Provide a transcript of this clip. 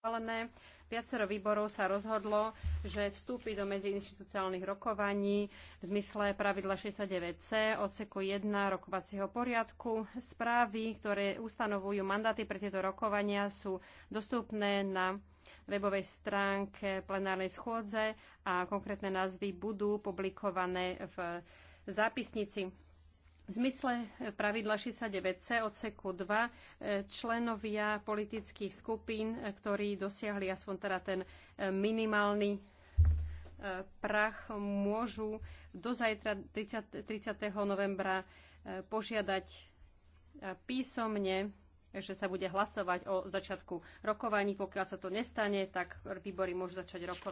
schválené. Viacero výborov sa rozhodlo, že vstúpi do medziinstitucionálnych rokovaní v zmysle pravidla 69c odseku 1 rokovacieho poriadku. Správy, ktoré ustanovujú mandáty pre tieto rokovania, sú dostupné na webovej stránke plenárnej schôdze a konkrétne názvy budú publikované v zápisnici. V zmysle e, pravidla 69c odseku 2 e, členovia politických skupín, e, ktorí dosiahli aspoň teda ten minimálny prach, môžu do zajtra 30, 30. novembra požiadať písomne že sa bude hlasovať o začiatku rokovaní. Pokiaľ sa to nestane, tak výbory môžu začať rokovať.